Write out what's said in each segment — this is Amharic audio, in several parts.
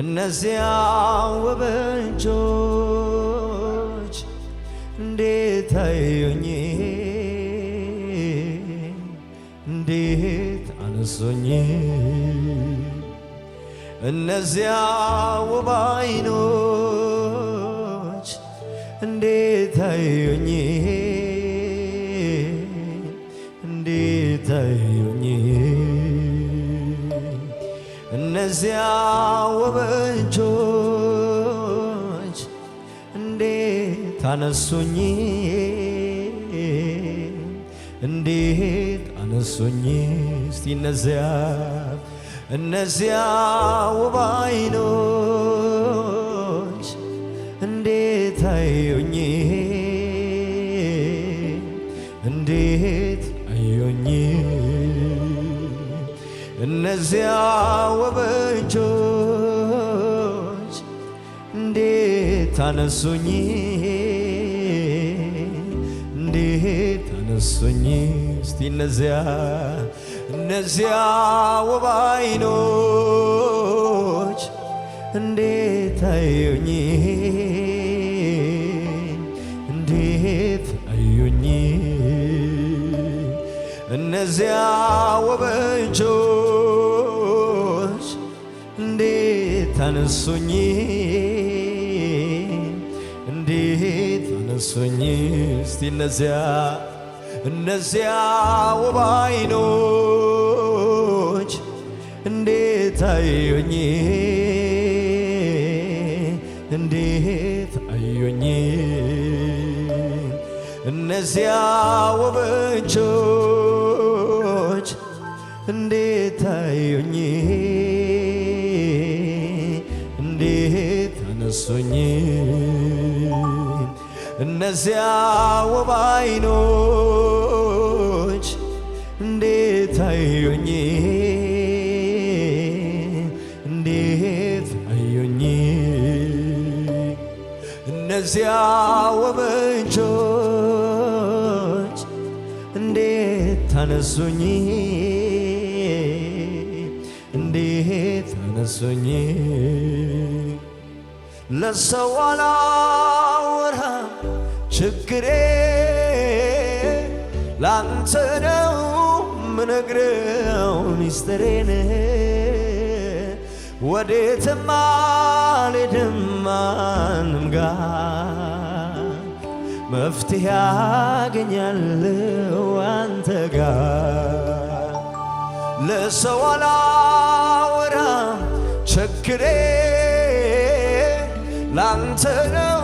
እነዚያ ውብ እጆች እንዴት አዩኝ፣ እንዴት አነሱኝ። እነዚያ ውብ አይኖች እንዴት አዩኝ በዚያ ወበጆች እንዴት አነሱኝ እንዴት አነሱኝ እስቲ እነዚያ እነዚያ ውብ ዓይኖች እነዚያ ወበጆች እንዴት አነሱኝ፣ እንዴት አነሱኝ። እስቲ እነዚያ እነዚያ ውብ እንዴት አዩኝ፣ እንዴት አዩኝ። እነዚያ ውብ እጆች አነሱኝ እንዴት አነሱኝ እስቲ እነዚያ እነዚያ ውብ ዓይኖች እንዴት አዩኝ እንዴት አዩኝ እነዚያ ውብ እጆች እንዴት አዩኝ አንሶኝ እነዚያ ውብ አይኖች እንዴት አዩኝ እንዴት አዩኝ እነዚያ ውብ እጆች እንዴት አነሱኝ እንዴት ታነሱኝ? ለሰው አላወራም ችግሬ ላንተ ነው ምነግረው ሚስጥሬን ወዴትም አልሄድም ማንም ጋር መፍትሄ አገኛለሁ አንተ ጋር ለሰው አላወራም ችግሬ ላንተ ነው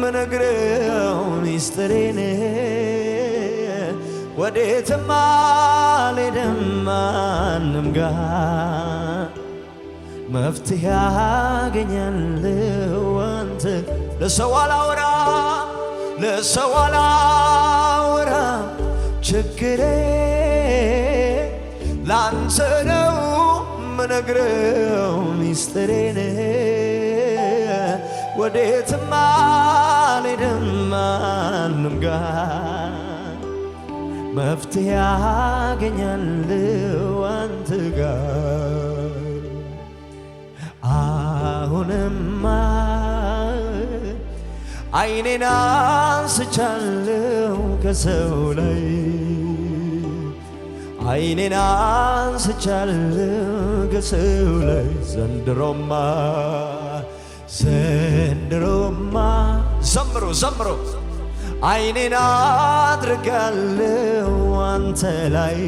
ምነግረው ሚስጥሬን ወዴትም አልሄድም ማንም ጋር መፍትሄ ያገኛለሁ አንተ ለሰው አላወራ ለሰው አላወራ ችግሬ ላንተ ነው ምነግረው ሚስጥሬን ወዴትም አልሄድም ማንም ጋር መፍትሄ አገኛለሁ አንተ ጋር አሁንማ አይኔን ከሰው ላይ አይኔን ከሰው ላይ ዘንድሮማ ዘንድሮማ ዘምሮ ዘምሮ አይኔን አድርጋለው አንተ ላይ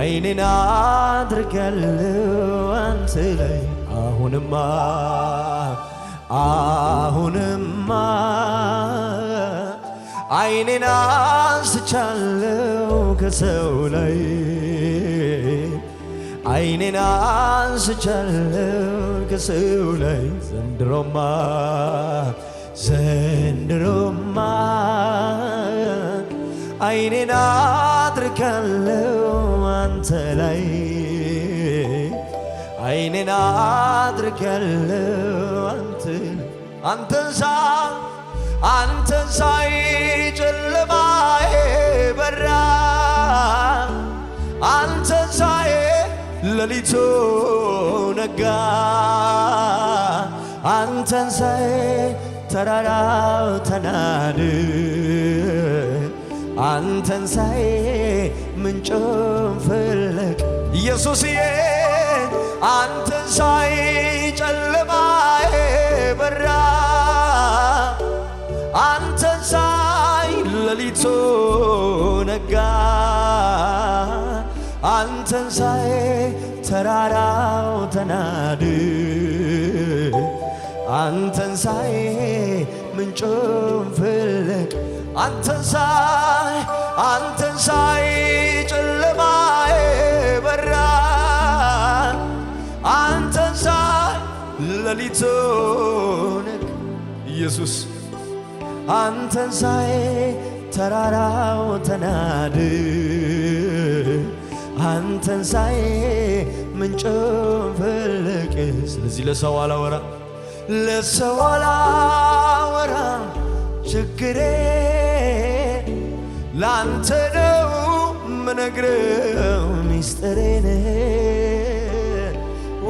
አይኔን አድርጋለው አንተ ላይ አሁንማ አሁንማ አይኔን አንስቻለው ከሰው ላይ አይኔን አንስቻለሁ ከሰው ላይ ዘንድሮማ ዘንድሮማ አይኔን አድርጋለሁ አንተ ላይ አይኔን አድርጋለሁ አንተ አንተንሳ አንተንሳይ ጨለማዬ በራ አንተንሳይ ለሊቱ ነጋ አንተን ሳይ ተራራው ተናድ አንተን ሳይ ምንጩም ፍለቅ ኢየሱስዬ አንተን ሳይ ጨለማዬ በራ አንተን ሳይ ለሊቱ ነጋ አንተን ሳይ ተራራው ተናድ አንተን ሳይ ምንጩን ፍለቅ አንተን ሳይ አንተን ሳይ ጨለማዬ በራ አንተን ሳይ ሌሊቱ ነጋ ኢየሱስ አንተን ሳይ ተራራው ተናድ አንተን ሳይ ምንጭም ፈለቀ። ስለዚህ ለሰው አላወራ ለሰው አላወራ ችግሬ ለአንተ ነው ምነግረው ሚስጥሬን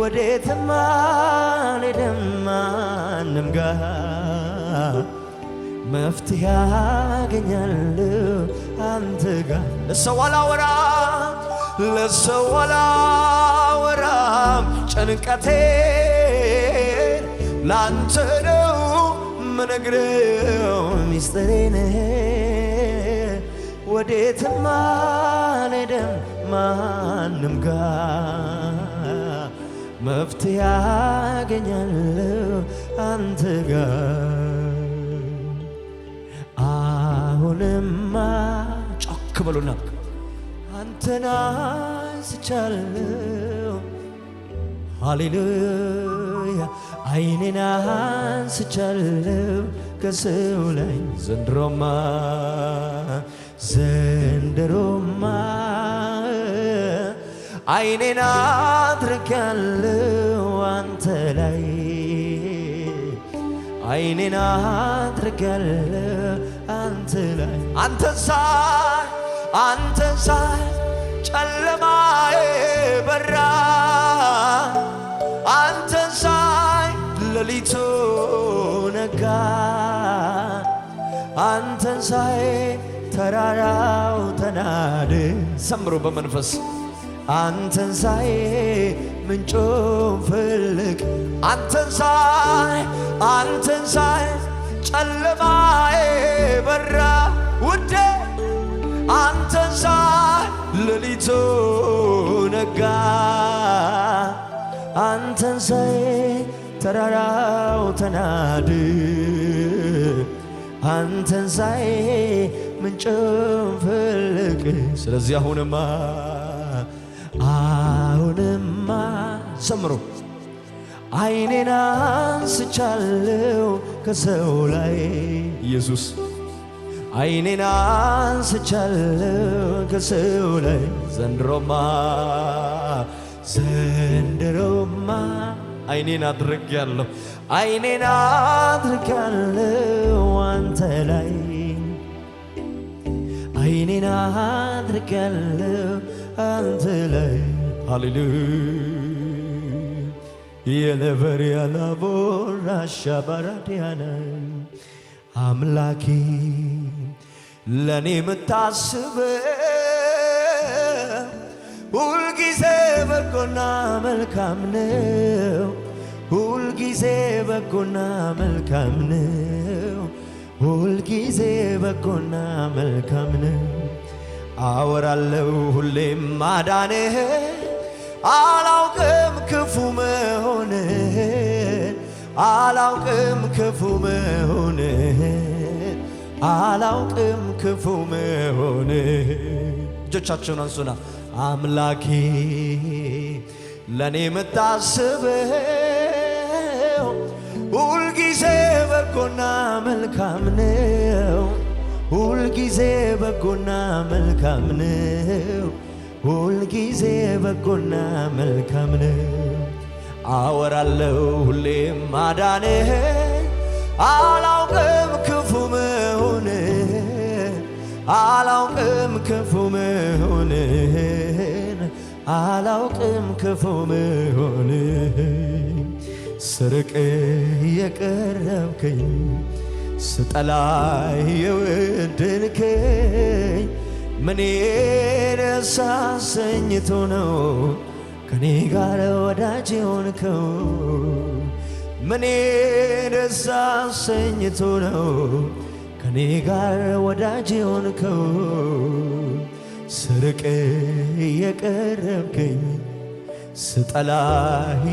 ወዴትም አልሄድም ማንም ጋር መፍትሄ አገኛለሁ አንተ ጋር ለሰው አላወራ ለሰው አላወራም ጭንቀቴን ላንተ ነው ምነግረው ሚስጥሬን ወዴትም አልሄድም ማንም ጋ መፍትሄ ያገኛለሁ አንተ ጋ አሁንማ ጮክ በሉና ተናንስቻለው ሃሌሉያ አይኔን አንስቻለው ከሰው ላይ ዘንድሮማ ዘንድሮማ አይኔን አድርጋለው አንተ ላይ አይኔን አድርጋለው አንተ ላይ አንተ ሳይ አንተ ሳይ ጨለማዬ በራ አንተን ሳይ ሌሊቱ ነጋ አንተን ሳይ ተራራው ተናድ ሰምሮ በመንፈስ አንተን ሳይ ምንጩን ፍልቅ አንተን ሳይ አንተን ሳይ ጨለማዬ በራ ውዴ አንተን ሳይ ሌሊቱ ነጋ፣ አንተን ሳይ ተራራው ተናድ፣ አንተን ሳይ ምንጭም ፍልቅ። ስለዚህ አሁንማ አሁንማ ሰምሮ አይኔን አንስቻለው ከሰው ላይ ኢየሱስ አይኔን አንስቻለሁ ከሰው ላይ ዘንድሮማ ዘንድሮማ አይኔን አድርጌያለሁ አይኔን አድርጌያለሁ አንተ ላይ አይኔን አድርጌያለሁ አንተ ላይ ሃሌሉያ የነበር ያላቦራ ሻባራዲያና አምላኬ ለኔ የምታስብ ሁልጊዜ በጎና መልካም ነው። ሁልጊዜ በጎና መልካም ነው። ሁልጊዜ በጎና መልካም ነው። አወራለው ሁሌም ማዳንህ አላውቅም ክፉ መሆንህ አላውቅም ክፉ መሆንህ አላውቅም ክፉ መሆን እጆቻችሁን አንሱና አምላኬ ለእኔ የምታስበው ሁልጊዜ በጎና መልካም ነው። ሁልጊዜ በጎና መልካም ነው። ሁልጊዜ በጎና መልካም ነው። አወራለሁ ሁሌም ማዳኔ አላውቅም አላውቅም ክፉ መሆንህን አላውቅም ክፉ መሆንህን ስርቅ የቀረብከኝ ስጠላ የወደድከኝ ምኔን ሳሰኝቶ ነው ከኔ ጋር ወዳጅ የሆንከው ምኔን ሳሰኝቶ ነው ከኔ ጋር ወዳጅ የሆንከው ስርቅ የቀረብከኝ ስጠላ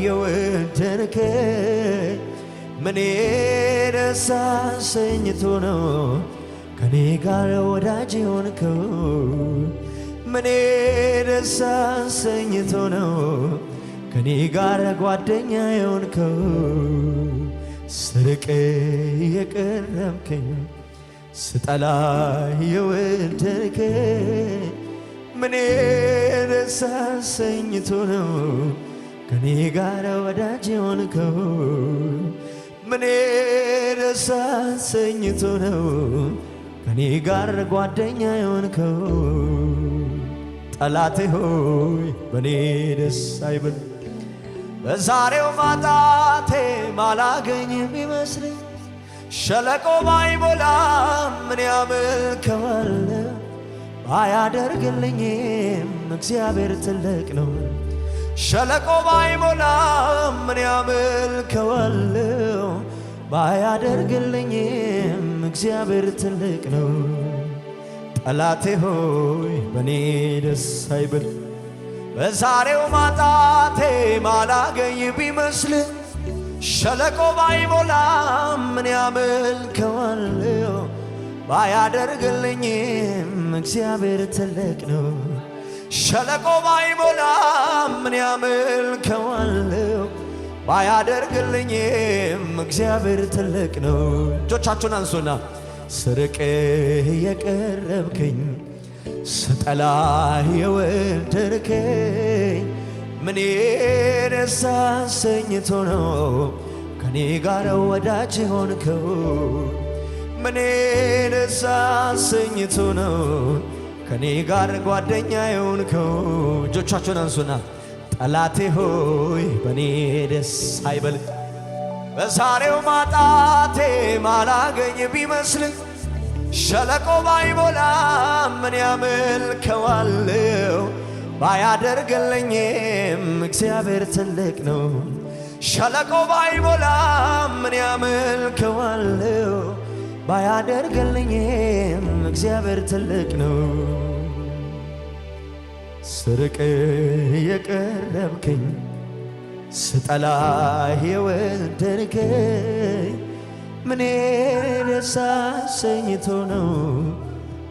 የወደንከ ምኔ ደሳ አሰኝቶ ነው ከኔ ጋር ወዳጅ የሆንከው ምኔ ደሳ አሰኝቶ ነው ከኔ ጋር ጓደኛ የሆንከው ስርቅ የቀረብከኝ ስጠላ የወደድከ ምን ደስ ነው ከኔ ጋር ወዳጅ የሆንከው ምን ደስ አሰኝቶ ነው ከኔ ጋር ጓደኛ የሆንከው ጠላቴ ሆይ በኔ ደስ አይበል በዛሬው ማጣቴ ማላገኝ የሚመስለኝ ሸለቆ ባይሞላ ምን ያመልከዋል? ባያደርግልኝም እግዚአብሔር ትልቅ ነው። ሸለቆ ባይሞላ ምን ያመልከዋል? ባያደርግልኝም እግዚአብሔር ትልቅ ነው። ጠላቴ ሆይ በእኔ ደስ አይበል፣ በዛሬው ማጣቴ ማላገኝ ቢመስልህ ሸለቆ ባይሞላ ምን ያመልከዋል? ባያደርግልኝም እግዚአብሔር ትልቅ ነው። ሸለቆ ባይሞላ ምን ያመልከዋል? ባያደርግልኝም እግዚአብሔር ትልቅ ነው። እጆቻችሁን አንሱና ስርቅህ የቀረብክኝ ስጠላህ የወደድከኝ ምን ደስ አሰኝቶ ነው ከኔ ጋር ወዳጅ ሆንከው? ምን ደስ አሰኝቶ ነው ከኔ ጋር ጓደኛ የሆንከው? እጆቻችሁን አንሱና ጠላቴ ሆይ በኔ ደስ አይበል። በዛሬው ማጣቴ ማላገኝ ቢመስልህ ሸለቆ ባይሞላ ምን ያመልከዋለው ባያደርግልኝም እግዚአብሔር ትልቅ ነው። ሸለቆ ባይሞላም ምን ያመልከዋለው? ባያደርግልኝም እግዚአብሔር ትልቅ ነው። ስርቅ የቀረብክኝ! ስጠላ የወደድከኝ ምኔ ደስ አሰኝቶ ነው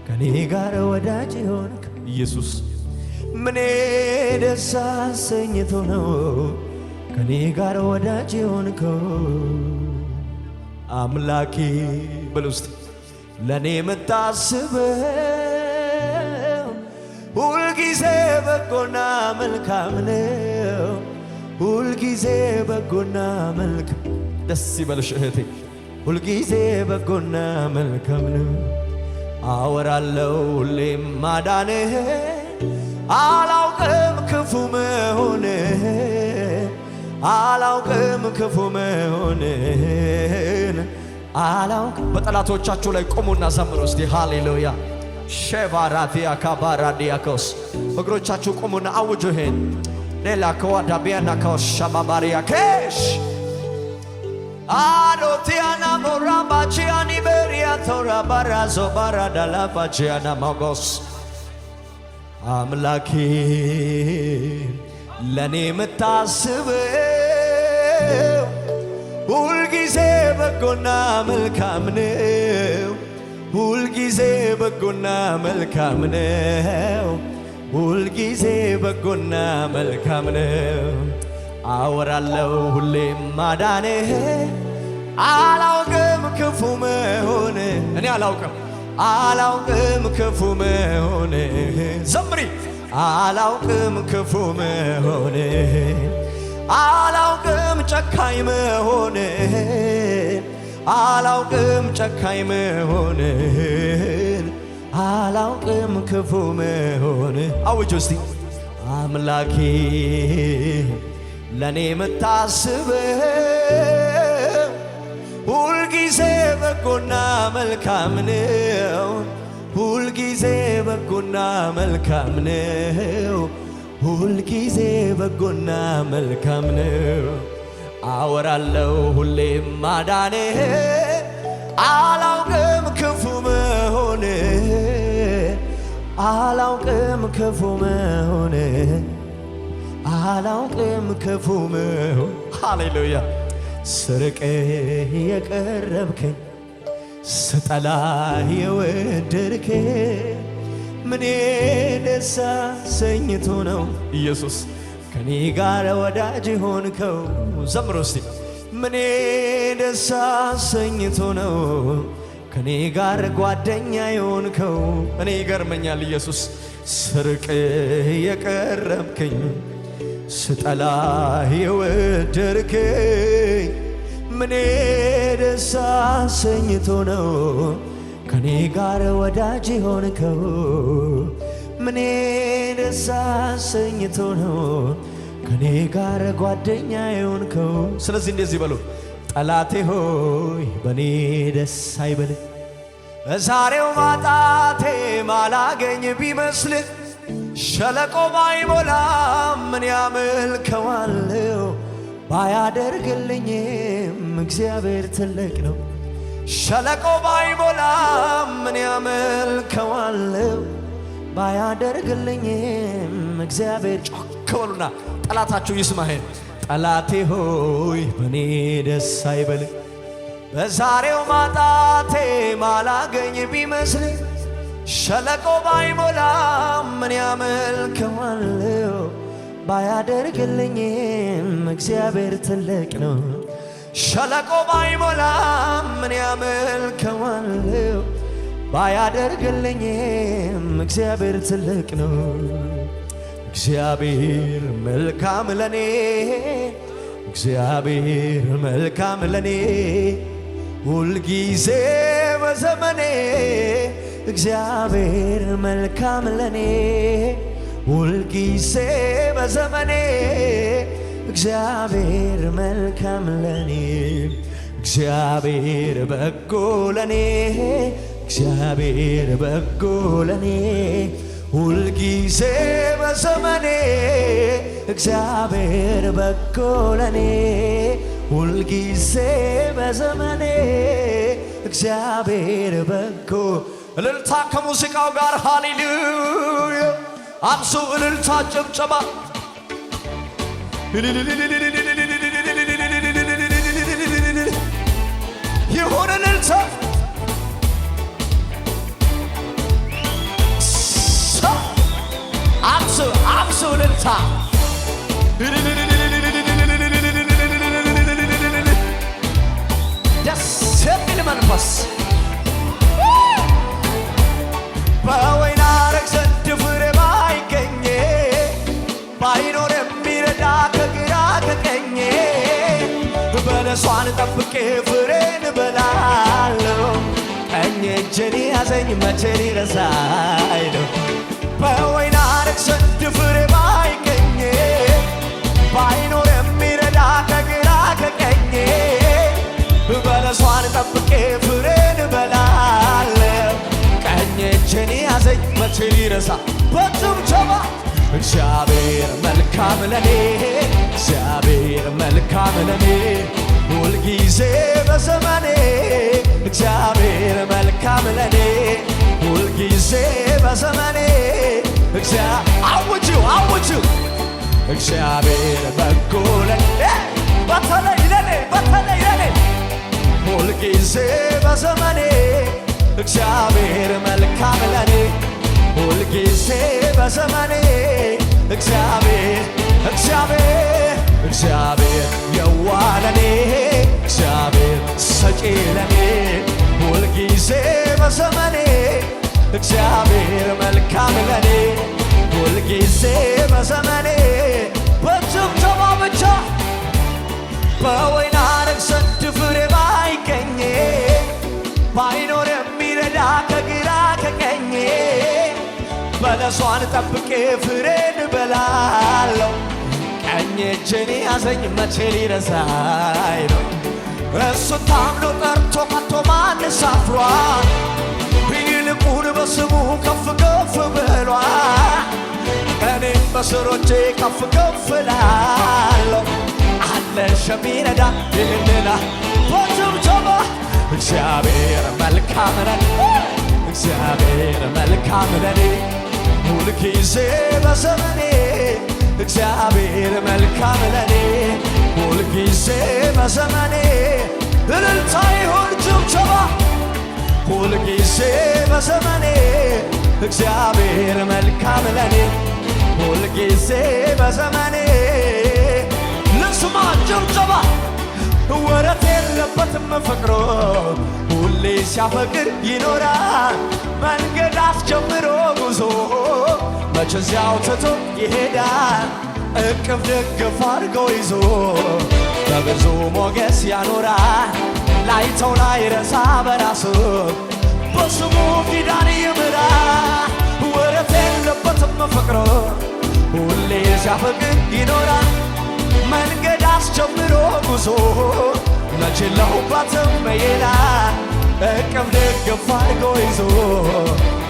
ከኔ ጋር ወዳጅ የሆንክ ኢየሱስ ምኔ ደስ አሰኝቶ ነው ከኔ ጋር ወዳጅ የሆንከው አምላኬ በል ውስጥ ለእኔ የምታስበው ሁልጊዜ በጎና መልካም ነው። ሁልጊዜ በጎና መልካም ደስ ይበልሽ እህቴ ሁልጊዜ በጎና መልካም ነው። አወራለው ሁሌም ማዳንህ አላውቅም ክፉ መሆን አላውቅም ክፉ መሆንን አላውቅም። በጠላቶቻችሁ ላይ ቁሙና ዘምሩ እስቲ ሃሌሉያ። ሼቫራቲያ ካባራዲያኮስ እግሮቻችሁ ቁሙና አውጁ ይሄን ሌላ ከዋዳቢያና ከወሻማማሪያ ኬሽ አሎቲያና ሞራባቺያኒ በሪያ ቶራ ባራዞ ባራዳላፋቺያና ማጎስ አምላኬ ለእኔ የምታስበው ሁልጊዜ በጎና መልካም ነው። ሁልጊዜ በጎና መልካም ነው። ሁልጊዜ በጎና መልካም ነው። አወራለው ሁሌም ማዳኔ አላውቅም ክፉ መሆን እኔ አላውቅም አላውቅም ክፉ መሆኔ ዘምሪ አላውቅም ክፉ መሆኔ አላውቅም ጨካኝ መሆኔ አላውቅም ጨካኝ መሆኔ አላውቅም ክፉ መሆኔ አውጅ ውስቲ አምላኬ ለእኔ የምታስበው ሁልጊዜ በጎና መልካም ነው። ሁልጊዜ በጎና መልካም ነው። ሁልጊዜ በጎና መልካም ነው። አወራለው ሁሌም ማዳንህ አላውቅም ክፉ መሆን አላውቅም ክፉ መሆን አላውቅም ክፉ መሆን ሃሌሉያ ስርቅ የቀረብከኝ ስጠላ የወደድክ ምኔ ደስ አሰኝቶ ነው ኢየሱስ ከኔ ጋር ወዳጅ ሆንከው። ዘምሮ እስቲ ምኔ ደስ አሰኝቶ ነው ከኔ ጋር ጓደኛ የሆንከው። እኔ ይገርመኛል ኢየሱስ ስርቅ የቀረብከኝ ስጠላ የወደድከኝ ምኔ ደስ አሰኝቶ ነው ከኔ ጋር ወዳጅ የሆንከው ምኔ ደስ አሰኝቶ ነው ከኔ ጋር ጓደኛ የሆንከው። ስለዚህ እንደዚህ በሉ ጠላቴ ሆይ በኔ ደስ አይበል በዛሬው ማጣቴ ማላገኝ ቢመስልህ ሸለቆ ባይሞላም ምን ያመልከዋለው? ባያደርግልኝም እግዚአብሔር ትልቅ ነው። ሸለቆ ባይሞላም ምን ያመልከዋለው? ባያደርግልኝም እግዚአብሔር ጮክ በሉና ጠላታችሁ ይስማሄል ጠላቴ ሆይ በኔ ደስ አይበል በዛሬው ማጣቴ ማላገኝ ቢመስልኝ ሸለቆ ባይሞላ ምን ያመልከዋለሁ? ባያደርግልኝም እግዚአብሔር ትልቅ ነው። ሸለቆ ባይሞላ ምን ያመልከዋለሁ? ባያደርግልኝም እግዚአብሔር ትልቅ ነው። እግዚአብሔር መልካም ለኔ፣ እግዚአብሔር መልካም ለኔ ሁልጊዜ በዘመኔ እግዚአብሔር መልካም ለኔ ሁልጊዜ በዘመኔ እግዚአብሔር መልካም ለኔ እግዚአብሔር በጎ ለኔ እግዚአብሔር በጎ ለኔ ሁልጊዜ በዘመኔ እግዚአብሔር በጎ ለኔ ሁልጊዜ በዘመኔ እግዚአብሔር በጎ እልልታ ከሙዚቃው ጋር ሃሌሉያ አብዙ እልልታ ጭብጨባ ይሁን እልልታ አብዙ አብዙ እልልታ ደስ የሚል መንፈስ በወይን አረግ ዘንድ ፍሬ የሚረዳ ከግራ ከቀኝ በለሷን ጠብቄ ፍሬን እበላለሁ። ቀኝ እጄን ያዘኝ መቼ ሊረሳኝ ነው? በወይን አረግ ዘንድ ፍሬ ባይገኝ ባይኖር የሚረዳ ከግራ ከቀኝ በለሷን ጠብቄ መቼ ሊረሳ በጭብጨባ እግዚአብሔር መልካም ለኔ እግዚአብሔር መልካም ለኔ ሁልጊዜ በዘመኔ እግዚአብሔር መልካም ለኔ ሁልጊዜ በዘመኔ አውጅው አውጅው እግዚአብሔር በጎ ለኔ በተለይ ለኔ በተለይ ለኔ ሁልጊዜ በዘመኔ እግዚአብሔር መልካም ለኔ ሁልጊዜ በዘመኔ እግዚአብሔር እግዚአብሔር እግዚአብሔር የዋለኔ እግዚአብሔር ሰጪ ለኔ ሁልጊዜ በዘመኔ እግዚአብሔር መልካም ለኔ ሁልጊዜ በዘመኔ በጭብጨባ ብቻ በወይን አረግ ዘንድ ፍሬ ባይገኝ ባይኖ ፈረሷን ጠብቄ ፍሬን በላለው ቀኝ እጄን ያዘኝ መቼ ሊረሳኝ ነው? እሱ ታምኖ ጠርቶ ቀጥቶ ማን ሳፍሯል? ይልቁን በስሙ ከፍ ከፍ ብሏል። እኔም በስሮቼ ከፍ ከፍ ላለው አለ ሸሚረዳ ይህንና በጭብጨባ እግዚአብሔር መልካም ነው። እግዚአብሔር መልካም ነው። ሁል ጊዜ በዘመኔ እግዚአብሔር መልካም ለኔ ሁል ጊዜ በዘመኔ እልልታ ይሁን ጭብጨባ ሁል ጊዜ በዘመኔ እግዚአብሔር መልካም ለኔ ሁል ጊዜ በዘመኔ ልስማ ጭብጨባ ወረት የለበትም ፍቅሮ ሁሌ ሲያፈቅር ይኖራል መንገድ አስጀምሮ እጃቸው እዚያው ትቶ ይሄዳል እቅፍ ድግፍ አድርጎ ይዞ በብዙ ሞገስ ያኖራል ላይተው ላይረሳ በራሱ በስሙ ኪዳን ይምራ ወረት የለበትም ፍቅሮ ሁሌ ሲያፈቅር ይኖራል መንገድ አስጀምሮ ጉዞ መቼ ለሁባትም ይላል እቅፍ ድግፍ አድርጎ ይዞ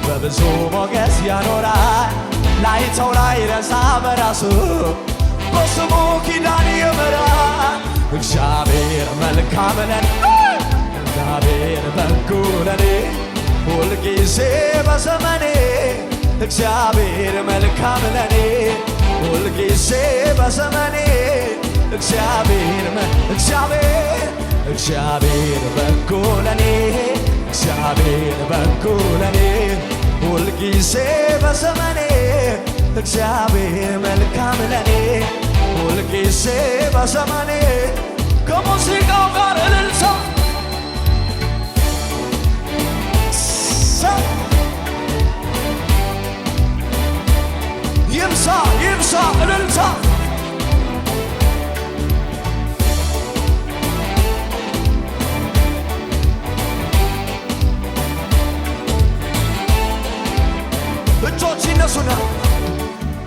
በብዙ ሞገስ ያኖራል ላይ ላይ ረሳ በራሱ በስሙ ኪዳን ይምራል። እግዚአብሔር መልካም ለኔ፣ እግዚአብሔር በጎ ለኔ፣ ሁልጊዜ በዘመኔ እግዚአብሔር መልካም ለኔ፣ ሁልጊዜ በዘመኔ እግዚአብሔር እግዚአብሔር እግዚአብሔር በጎ ለኔ፣ እግዚአብሔር በጎ ለኔ ሁልጊዜ በዘመኔ እግዚአብሔር መልካም ለኔ ሁልጊዜ በዘመኔ ከሙዚቃው ጋር እልልታ ይብሳ ይብሳ እልልታ ይነሱና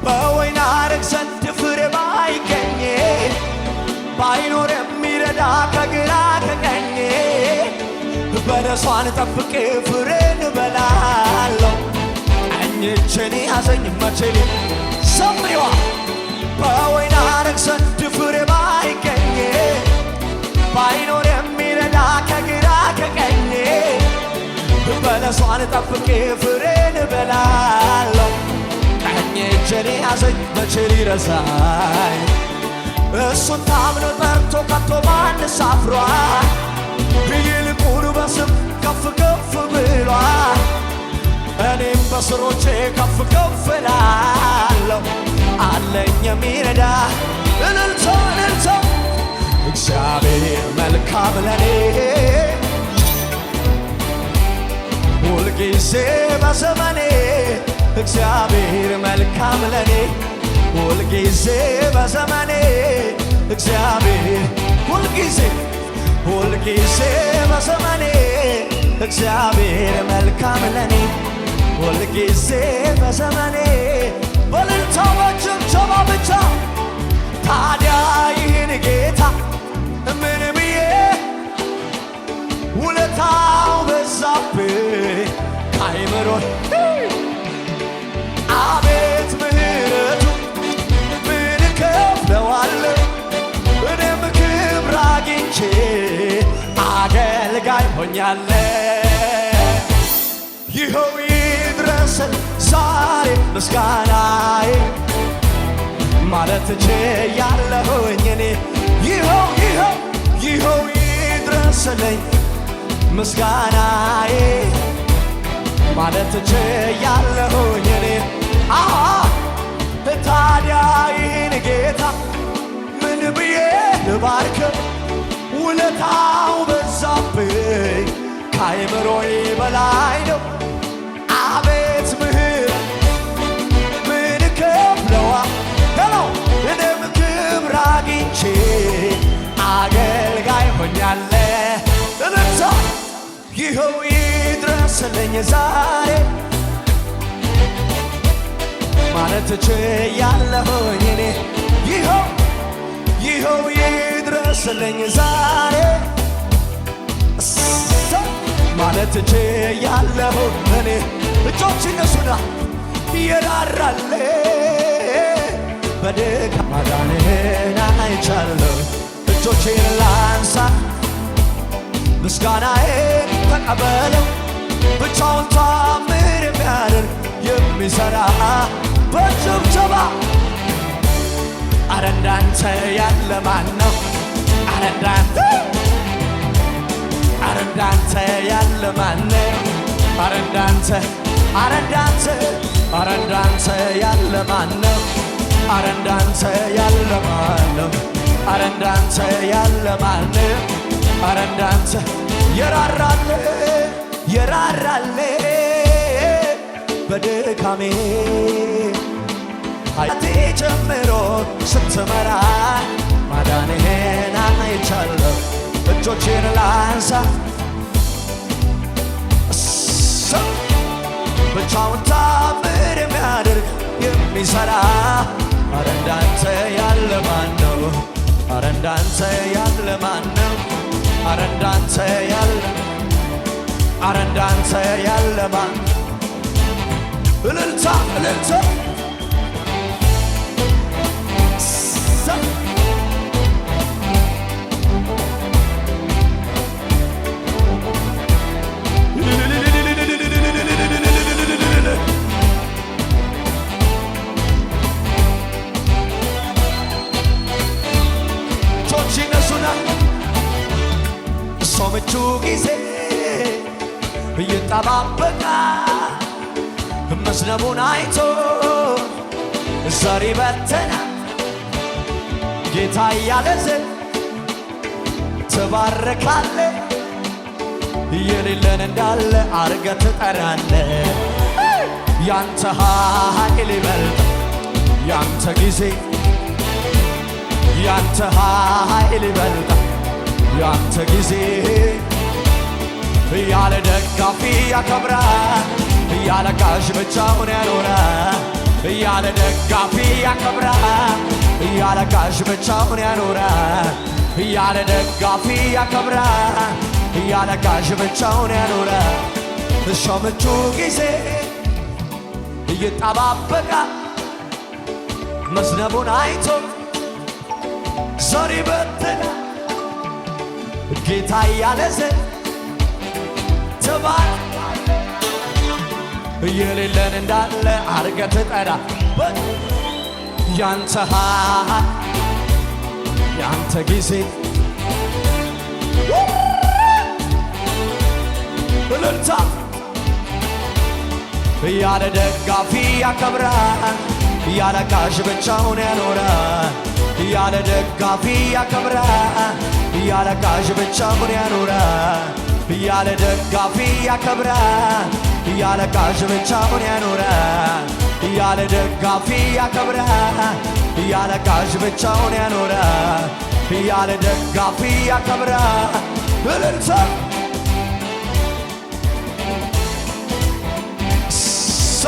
በወይን አረግ ዘንድ ፍሬ ባይገኝ ባይኖር የሚረዳ ከግራ ከቀኝ በለሷን ጠብቄ ፍሬን እበላለሁ። እኝችን ያዘኝ መችል ሰምሪዋ በወይን ዘንድ ፍሬ ባይገኝ ባይኖር የሚረዳ ከግራ ከቀኝ በለሷን ጠብቄ ፍሬን አዳኝ እጄን ያዘኝ መቼ ሊረሳኝ እሱን ታምኖ ጠርቶ ከቶ ማንስ አፍሯል? ይልቁኑ በስም ከፍ ከፍ ብሏል። እኔም በስሮቼ ከፍ ከፍ እላለሁ። አለኝ የሚረዳ እልልቶ እልልቶ እግዚአብሔር መልካም ለኔ ሁልጊዜ በዘመኔ እግዚአብሔር መልካም ለኔ ሁልጊዜ በዘመኔ እግዚአብሔር ሁልጊዜ ሁልጊዜ በዘመኔ እግዚአብሔር መልካም ለኔ ሁልጊዜ በዘመኔ በልልታ በጭብጨባ ብቻ ታዲያ ይህን ጌታ ምን ብዬ ውለታው በዛብኝ ካይምሮን አገልጋይ ሆኛለ ይኸው ይድረስን ዛሬ ምስጋናዬ ማለት ችያለሁኝ እኔ ይኸው ይኸው ይኸው ይድረስልኝ ምስጋናዬ ማለት ችያለሁኝ እኔ ታዲያ ይህን ጌታ ምን ብዬ ልባርክ ውለታው በዛብኝ ከአይምሮዬ በላይ ነው። አቤት ምህር ምን ከፍለዋ ገላው እኔም ክብር አግኝቼ አገልጋይ ሆኛለ እለታ ይኸው ይድረስልኝ ዛሬ ማለት ችያለሁኝ እኔ ይኸው ይኸው ደስለኝ ዛሬ ማለት እቼ ያለሁ እኔ እጆች እነሱና እየራራለ በደግ ማዳንህን አይቻለሁ እጆቼን ላንሳ ምስጋናዬን ተቀበለው ብቻውን ታምር የሚያደርግ የሚሠራ በጭብጨባ አረ እንዳንተ ያለ ማን ነው? አረንዳንተ አረንዳንተ ያለ ማነ አረንዳንተ አረንዳንተ አረንዳንተ ያለ ማነ አረንዳንተ ያለ ማነ አረንዳንተ ያለ ማነ አረንዳንተ የራራለ የራራለ በድካሜ ኃይቴ ጀምሮ ስትመራ ማዳንህን አይቻለሁ። እጆቼን ላንሳ ብቻውን ታምር የሚያደርግ የሚሰራ አረ እንዳንተ ያለ ማን ነው? አረ እንዳንተ ያለ ማን ነው? አረ እንዳንተ ያለ አረ እንዳንተ ያለ ማን እልልታ እልልታ ምቹ ጊዜ እየጠባበቃ መዝነቡን አይቶ ዘር በተና ጌታ እያለዘ ትባርካለ የሌለን እንዳለ አርገ ትጠራለ ያንተ ኃይል ይበልጥ ያንተ ጊዜ ያንተ ኃይል ይበልጣል ያንተ ጊዜ እያለ ደጋፊ ያከብራል እያለ ጋሽ ብቻውን ያኖራል እያለ ደጋፊ ያከብራል እያለ ጋሽ ብቻውን ያኖራል እያለ ደጋፊ ያከብራል እያለ ጋሽ ብቻውን ያኖራል እሾ ምቹ ጊዜ እየጠባበቀ መዝነቡን አይቶ ዞር ይበትናል ጌታ ያለዘ ትባል እየሌለን እንዳለ አርገ ትጠራ ያንተ ያንተ ጊዜ እልልታ ያለ ደጋፊ ያከብራል፣ ያለ ካሽ ብቻውን ያኖራል፣ ያለ ደጋፊ ያከብራል ያለ ጋዥ ብቻውን ያኖረ ያለ ደጋፊ ያከብረ ያለ ጋዥ ብቻውን ያኖረ ያለ ደጋፊ ያከብረ ያለ ጋዥ ብቻውን ያኖረ ያለ ደጋፊ ያከብረ እልልታ ሰ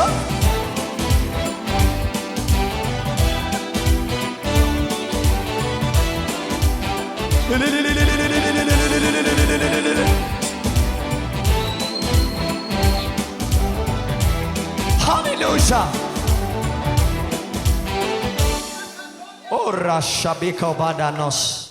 Hallelujah. Ora oh, shabiko badanos.